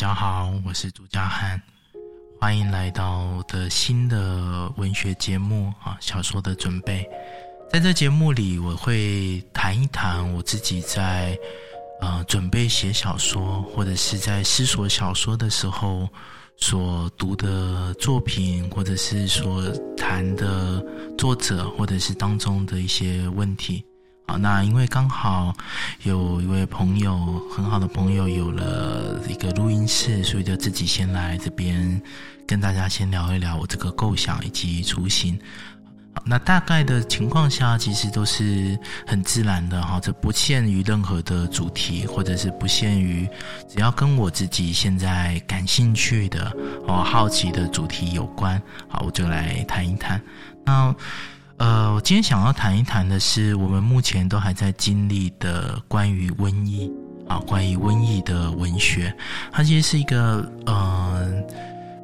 大家好，我是朱嘉漢，歡迎來到我的新的文學節目啊。小說的準備，在這節目裡，我會談一談我自己在啊、呃、準備寫小說，或者是在思索小說的時候所讀的作品，或者是所談的作者，或者是當中的一些問題。好，那因為剛好有一位朋友，很好的朋友有了一個錄音室，所以就自己先來這邊跟大家先聊一聊我這個構想以及雛形。好，那大概的情況下，其實都是很自然的哈，這不限於任何的主題，或者是不限於只要跟我自己現在感興趣的，好，好奇的主題有關，好，我就來談一談。那呃，我今天想要談一談的是，我們目前都還在經歷的關於瘟疫啊，關於瘟疫的文學，它其實是一個呃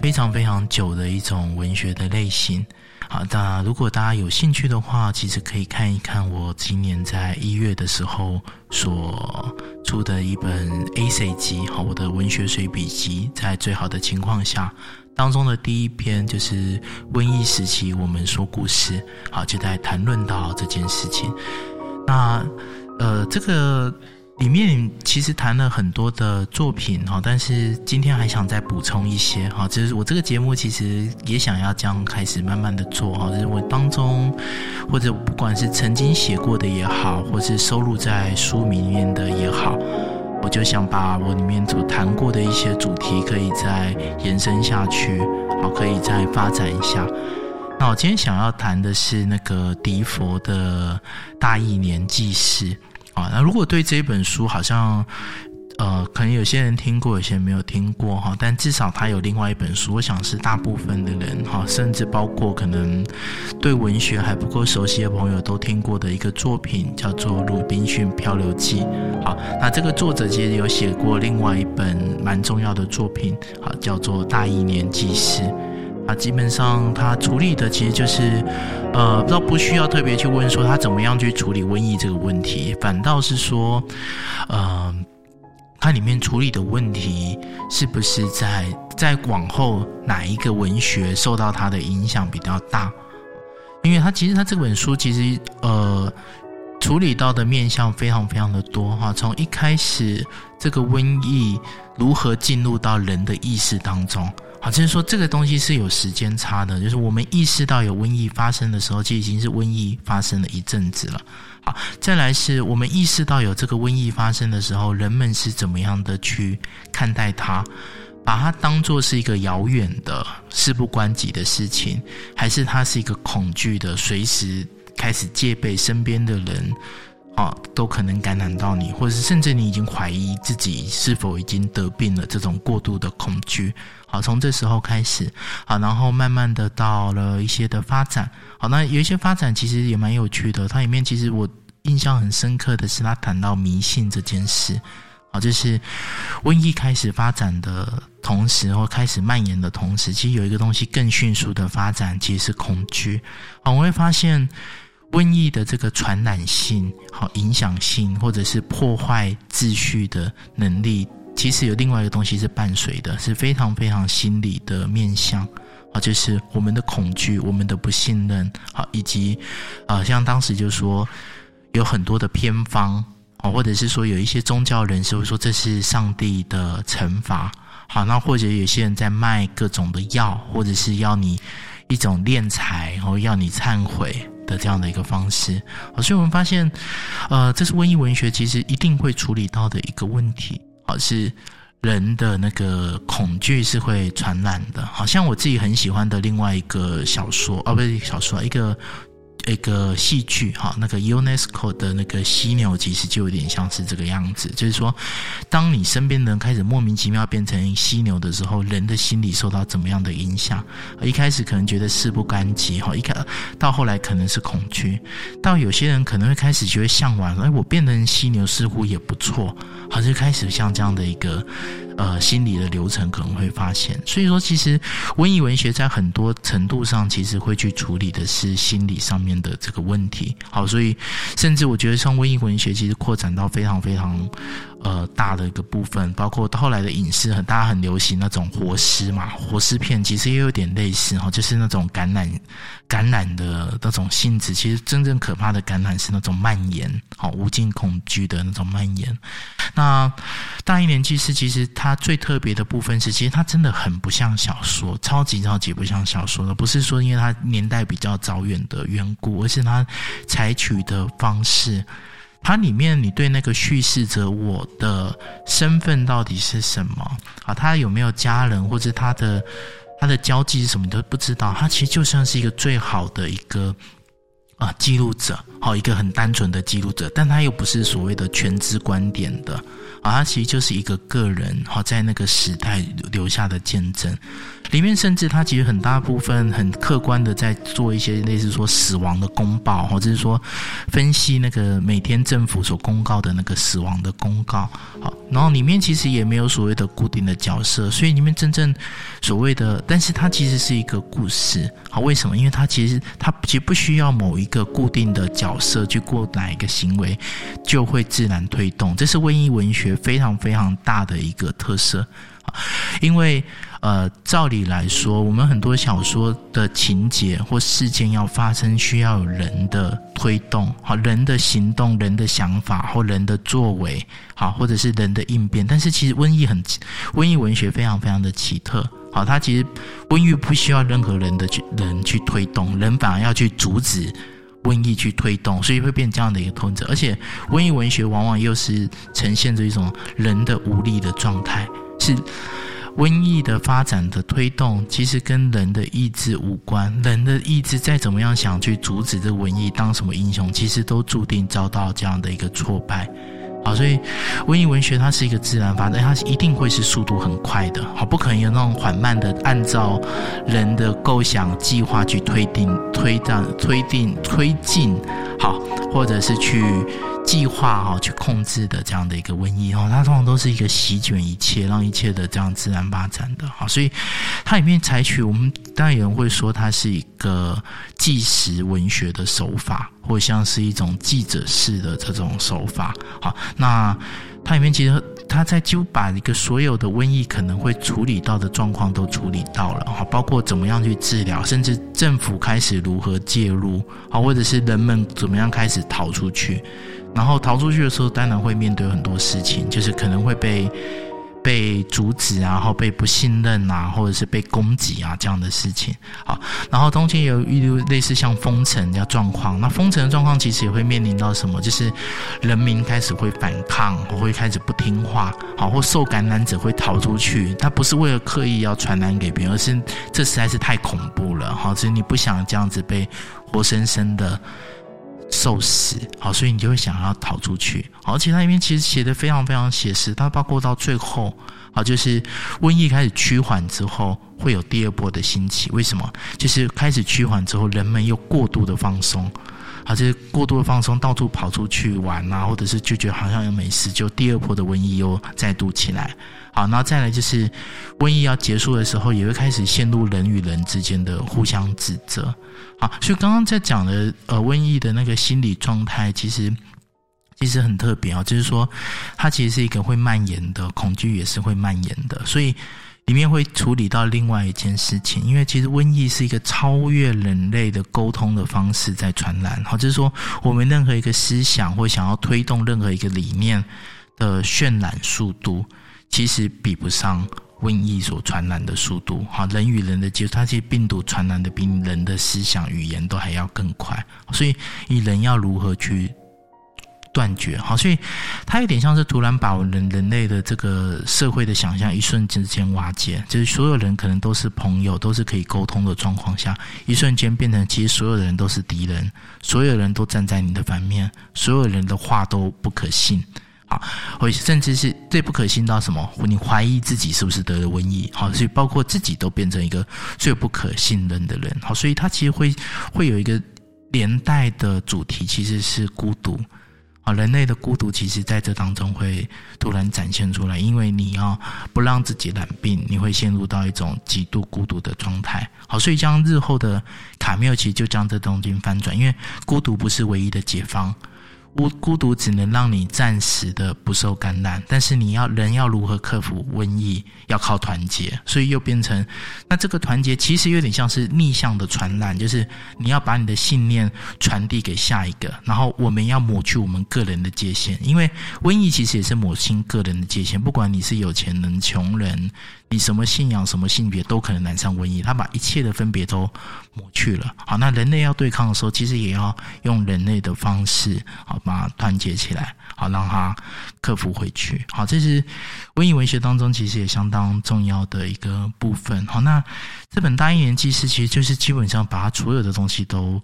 非常非常久的一種文學的類型。好，那如果大家有興趣的話，其實可以看一看我今年在一月的時候所出的一本集《A C》集和我的文學隨筆集，在最好的情況下。當中的第一篇就是瘟疫時期，我們說故事，好，就在談論到這件事情。那呃，這個裡面其實談了很多的作品哈，但是今天還想再補充一些哈，就是我這個節目其實也想要這樣開始慢慢的做哈，就是我當中或者不管是曾經寫過的也好，或是收錄在書名裡面的也好。我就想把我裡面所談過的一些主題，可以再延伸下去，好，可以再發展一下。那我今天想要談的是那個迪佛的大義《大意年記事》啊。那如果對這本書，好像。呃，可能有些人聽過，有些人沒有聽過哈。但至少他有另外一本書，我想是大部分的人哈，甚至包括可能對文學還不夠熟悉的朋友都聽過的一個作品，叫做《魯濱遜漂流記》。好，那這個作者其實有寫過另外一本蠻重要的作品，好，叫做《大疫年紀事》。啊，基本上他處理的其實就是，呃，不不需要特別去問說他怎麼樣去處理瘟疫這個問題，反倒是說，嗯、呃。裡面處理的問題是不是在在往後哪一個文學受到它的影響比較大？因為他其實他這本書其實呃處理到的面向非常非常的多哈，從一開始這個瘟疫如何進入到人的意識當中。好，就是說這個東西是有時間差的，就是我們意識到有瘟疫發生的時候，就已經是瘟疫發生了一陣子了。好，再來是我們意識到有這個瘟疫發生的時候，人們是怎麼樣的去看待它？把它當作是一個遙遠的事不關己的事情，還是它是一個恐懼的，隨時開始戒備身邊的人。都可能感染到你，或者是甚至你已經懷疑自己是否已經得病了。這種過度的恐懼，好，從這時候開始，好，然後慢慢的到了一些的發展。好，那有一些發展其實也蠻有趣的。它裡面其實我印象很深刻的是，他談到迷信這件事。好，這、就是瘟疫開始發展的同時，或開始蔓延的同時，其實有一個東西更迅速的發展，其實是恐懼。好，我會發現。瘟疫的這個傳染性、好，影響性，或者是破壞秩序的能力，其實有另外一個東西是伴隨的，是非常非常心理的面向，啊，就是我們的恐懼、我們的不信任，好，以及啊，像當時就說有很多的偏方，啊，或者是說有一些宗教人士會說這是上帝的懲罰，好，那或者有些人在賣各種的藥，或者是要你一種斂財，然後要你懺悔。的這樣的一個方式，好，所以我們發現，呃，這是瘟疫文學其實一定會處理到的一個問題，好，是人的那個恐懼是會傳染的。好像我自己很喜歡的另外一個小說，哦、啊，不是小說，一個。一個戲劇哈，那個 UNESCO 的那個犀牛其實就有點像是這個樣子，就是說，當你身邊的人開始莫名其妙變成犀牛的時候，人的心理受到怎麼樣的影響？一開始可能覺得事不關己哈，一開到後來可能是恐懼，到有些人可能會開始覺得嚮往，哎，我變成犀牛似乎也不錯，好像開始像這樣的一個呃心理的流程可能會發現。所以說，其實瘟疫文學在很多程度上其實會去處理的是心理上面。的這個問題，好，所以甚至我覺得，像瘟疫文學，其實擴展到非常非常，呃，大的一個部分，包括後來的影視，很大家很流行那種活屍嘛，活屍片其實也有點類似哈，就是那種感染、感染的那種性質。其實真正可怕的感染是那種蔓延，好，無盡恐懼的那種蔓延。那《大疫年紀事》其實它最特別的部分是，其實它真的很不像小說，超級超級不像小說的。不是說因為它年代比較早遠的緣故，而是它採取的方式。它裡面，你對那個敘事者我的身份到底是什麼？啊，他有沒有家人或者他的他的交際是什麼？你都不知道。他其實就像是一個最好的一個啊記錄者，好，一個很單純的記錄者，但他又不是所謂的全知觀點的，啊，他其實就是一個個人，好，在那個時代留下的見證。裡面甚至它，其實很大部分很客觀的在做一些類似說死亡的公報，或者是說分析那個每天政府所公告的那個死亡的公告，好，然後裡面其實也沒有所謂的固定的角色，所以裡面真正所謂的，但是它其實是一個故事，好，為什麼？因為它其實它其實不需要某一個固定的角色去過哪一個行為就會自然推動，這是瘟疫文學非常非常大的一個特色，好，因為。呃，照理來說，我們很多小說的情節或事件要發生，需要有人的推動，好，人的行動、人的想法或人的作為，好，或者是人的應變。但是，其實瘟疫很，瘟疫文學非常非常的奇特，好，它其實瘟疫不需要任何人的去人去推動，人反而要去阻止瘟疫去推動，所以會變這樣的一個通則。而且，瘟疫文學往往又是呈現着一種人的無力的狀態，是。瘟疫的發展的推動，其實跟人的意志無關。人的意志再怎麼樣想去阻止這瘟疫，當什麼英雄，其實都注定遭到這樣的一個挫敗。好，所以瘟疫文學它是一個自然發展，它是一定會是速度很快的。好，不可能有那種緩慢的按照人的構想計劃去推定、推斷、推定、推進。好，或者是去。計劃啊，去控制的這樣的一個瘟疫，它通常都是一個席捲一切，讓一切的這樣自然發展的。所以它裡面採取，我們當然有人會說它是一個紀實文學的手法，或像是一種記者式的這種手法。那它裡面其實它在幾乎把一個所有的瘟疫可能會處理到的狀況都處理到了啊，包括怎麼樣去治療，甚至政府開始如何介入啊，或者是人們怎麼樣開始逃出去。然後逃出去的時候，當然會面對很多事情，就是可能會被被阻止啊，然後被不信任啊，或者是被攻擊啊，這樣的事情。好，然後中間有一類似像封城的狀況，那封城的狀況其實也會面臨到什麼，就是人民開始會反抗，會開始不聽話，好，或受感染者會逃出去，他不是為了刻意要傳染給別人，而是這實在是太恐怖了，好，所以你不想這樣子被活生生的。受死，好，所以你就會想要逃出去。而且它裡面其實寫的非常非常寫實，它包括到最後，啊，就是瘟疫開始趨緩之後，會有第二波的興起。為什麼？就是開始趨緩之後，人們又過度的放鬆。好，這、就是、過度的放鬆，到處跑出去玩啊，或者是就覺得好像又沒事，就第二波的瘟疫又再度起來。好，然後再來就是，瘟疫要結束的時候，也會開始陷入人與人之間的互相指責。好，所以剛剛在講的呃，瘟疫的那個心理狀態，其實其實很特別啊，就是說它其實是一個會蔓延的，恐懼也是會蔓延的，所以。裡面會處理到另外一件事情，因為其實瘟疫是一個超越人類的溝通的方式在傳染，好，就是說我們任何一個思想或想要推動任何一個理念的渲染速度，其實比不上瘟疫所傳染的速度，好，人與人的接觸，它其實病毒傳染的比人的思想語言都還要更快，所以以人要如何去斷絕，好，所以他有一點像是突然把人人類的這個社會的想象一瞬之間瓦解，就是所有人可能都是朋友，都是可以溝通的狀況下，一瞬間變成其實所有人都是敵人，所有人都站在你的反面，所有人的話都不可信，啊，或者甚至是最不可信到什麼，你懷疑自己是不是得了瘟疫，好，所以包括自己都變成一個最不可信任的人，好，所以他其實會會有一個連帶的主題，其實是孤獨。啊，人類的孤獨其實，在這當中會突然展現出來，因為你要不讓自己染病，你會陷入到一種極度孤獨的狀態。好，所以將日後的卡繆其實就將這東西翻轉，因為孤獨不是唯一的解方。我孤孤獨只能讓你暫時的不受感染，但是你要人要如何克服瘟疫，要靠團結，所以又變成，那這個團結其實有點像是逆向的傳染，就是你要把你的信念傳遞給下一個，然後我們要抹去我們個人的界限，因為瘟疫其實也是抹清個人的界限，不管你是有錢人、窮人。你什麼信仰、什麼性別都可能染上瘟疫，他把一切的分別都抹去了。好，那人類要對抗的時候，其實也要用人類的方式，好把它團結起來，好讓它克服回去。好，這是瘟疫文學當中其實也相當重要的一個部分。好，那這本《大疫年紀事》其實就是基本上把它所有的東西都。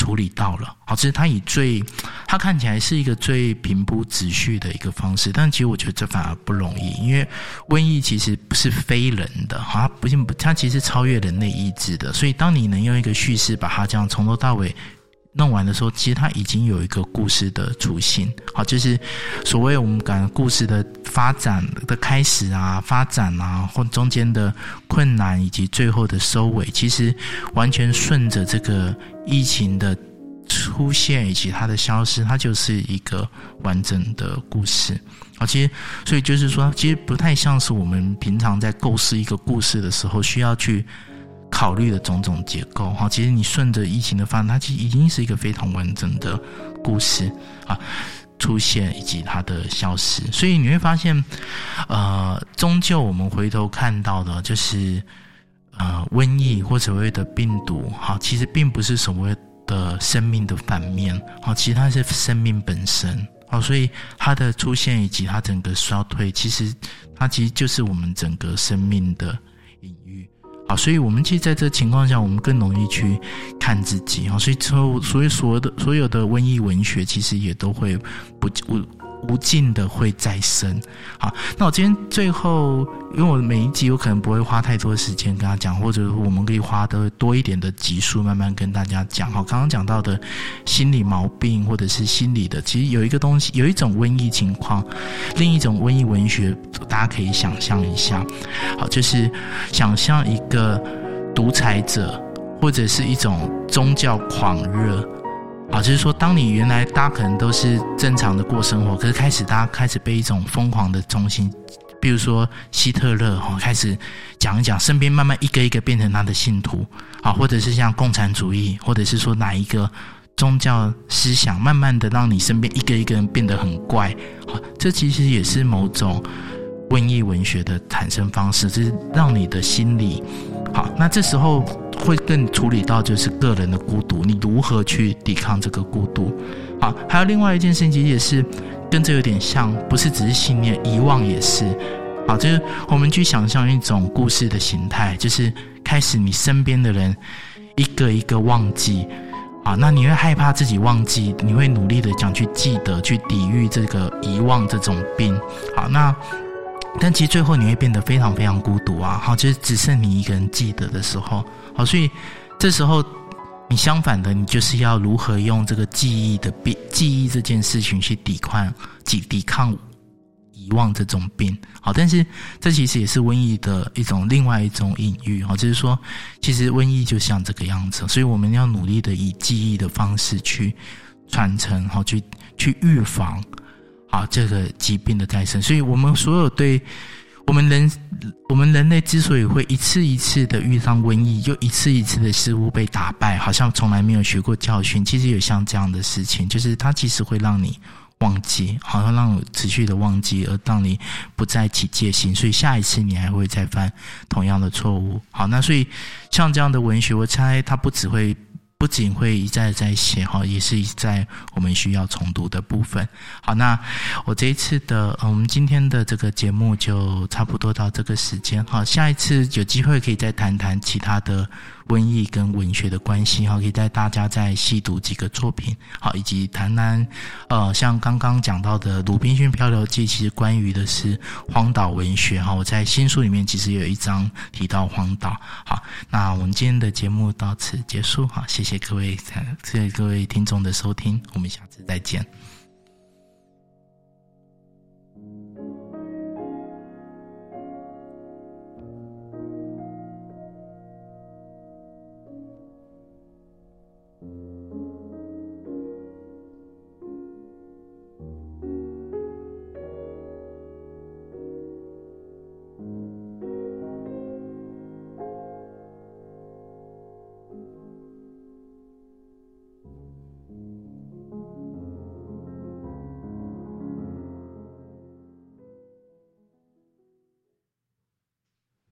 處理到了，好，其實他以最，他看起來是一個最平鋪直敘的一個方式，但其實我覺得這反而不容易，因為瘟疫其實不是非人的，好，不信不，它其實是超越人類意志的，所以當你能用一個敘事把它這樣從頭到尾。弄完的時候，其實它已經有一個故事的雛形。好，就是所謂我們講故事的發展的開始啊，發展啊，或中間的困難，以及最後的收尾，其實完全順着這個疫情的出現以及它的消失，它就是一個完整的故事。好，其實所以就是說，其實不太像是我們平常在構思一個故事的時候需要去。考慮的種種結構，哈，其實你順着疫情的發展，它其實已經是一個非常完整的故事啊，出現以及它的消失，所以你會發現，呃，終究我們回頭看到的就是，呃，瘟疫或者所謂的病毒，哈，其實並不是所謂的生命的反面，好，其實它是生命本身，好，所以它的出現以及它整個衰退，其實它其實就是我們整個生命的隱喻。啊，所以，我們其實在這情況下，我們更容易去看自己啊，所以，之後，所以，所有的所有的瘟疫文學，其實也都會不。無盡的會再生，好，那我今天最後，因為我每一集我可能不會花太多時間跟他講，或者我們可以花的多一點的集數，慢慢跟大家講。好，剛剛講到的心理毛病，或者是心理的，其實有一個東西，有一種瘟疫情況，另一種瘟疫文學，大家可以想象一下，好，就是想象一個獨裁者，或者是一種宗教狂熱。啊、哦，就是說，當你原來大家可能都是正常的過生活，可是開始大家開始被一種瘋狂的中心，比如說希特勒哈、哦，開始講一講，身邊慢慢一個一個變成他的信徒，啊、哦，或者是像共產主義，或者是說哪一個宗教思想，慢慢的讓你身邊一個一個人變得很怪，啊、哦，這其實也是某種。瘟疫文學的產生方式，就是讓你的心理好。那這時候會更處理到就是個人的孤獨，你如何去抵抗這個孤獨？好，還有另外一件事情也是跟這有點像，不是只是信念，遺忘也是。好，就是我們去想象一種故事的形態，就是開始你身邊的人一個一個忘記。好，那你會害怕自己忘記，你會努力的想去記得，去抵禦這個遺忘這種病。好，那。但其實最後你會變得非常非常孤獨啊！好，就是只剩你一個人記得的時候，好，所以這時候你相反的，你就是要如何用這個記憶的病，記憶這件事情去抵抗抵抗遺忘這種病。好，但是這其實也是瘟疫的一種另外一種隱喻，好，就是說其實瘟疫就像這個樣子，所以我們要努力的以記憶的方式去傳承，好，去去預防。好，這個疾病的再生，所以我們所有對我們人，我們人類之所以會一次一次的遇上瘟疫，又一次一次的失誤被打敗，好像從來沒有學過教訓。其實有像這樣的事情，就是它其實會讓你忘記，好像讓你持續的忘記，而當你不再起戒心，所以下一次你還會再犯同樣的錯誤。好，那所以像這樣的文學，我猜它不只會。不僅會一再再寫哈，也是一再我們需要重讀的部分。好，那我這一次的，我們今天的這個節目就差不多到這個時間。好，下一次有機會可以再談談其他的瘟疫跟文學的關係哈，可以帶大家再細讀幾個作品好，以及談談呃，像剛剛講到的《魯濱遜漂流記》，其實關於的是荒島文學哈。我在新書裡面其實有一章提到荒島。好，那我們今天的節目到此結束哈，謝謝。謝謝各位，謝謝各位聽眾的收聽，我們下次再見。